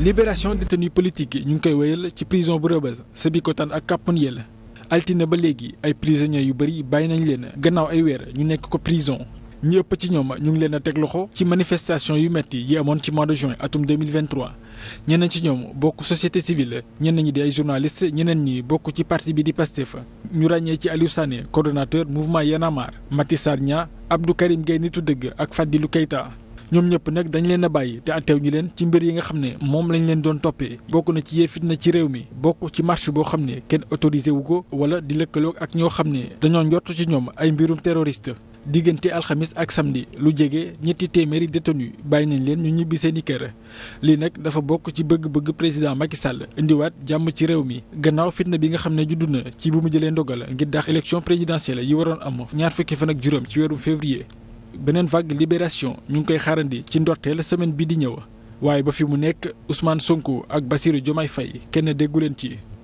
libération détenus politiques yi ñu ngi koy wéyal ci prison bu Rebeuss Sébikotane ak Cap Manuel altine ba léegi ay prisonniers yu bëri bàyyi nañ leen gannaaw ay weer ñu nekk ko prison ñu ëpp ci ñoom ñu ngi leen a teg loxo ci manifestation yu metti yi amoon ci mois de juin atum 2023 ñeneen ci ñoom bokk société civile ñeneen ñi di ay journalistes ñeneen ñi bokk ci parti bi di fa ñu ràññee ci Aliou Sané coordonnateur mouvement Y'en a marre Maty Sarr Niang Abdou Karim Gueye nitu dëgg ak Fadilou Keita ñoom ñëpp nag dañu leen a bàyyi te àtteew ñu leen ci mbir yi nga xam ne moom lañ leen doon toppee bokk na ci yee fitna ci réew mi bokk ci marche boo xam ne kenn autorisé wu ko wala di lëkkaloo ak ñoo xam ne dañoo njort ci ñoom ay mbirum terroriste diggante alxamis ak samedi lu jege ñetti téeméeri détenu bàyyi nañ leen ñu ñibbi seen i kër lii nag dafa bokk ci bëgg-bëgg président Macky Sall indiwaat jàmm ci réew mi gannaaw fitna bi nga xam ne juddu na ci bu mu jëlee ndogal ngir daax élection présidentielle yi waroon am ñaar fukki fan ak juróom ci weeru février. beneen vague libération ñu ngi koy xaarandi ci la semaine bi di ñëw waaye ba fi mu nekk Ousmane Sonko ak Bassirou Diomaye fay kenn déggu leen ci.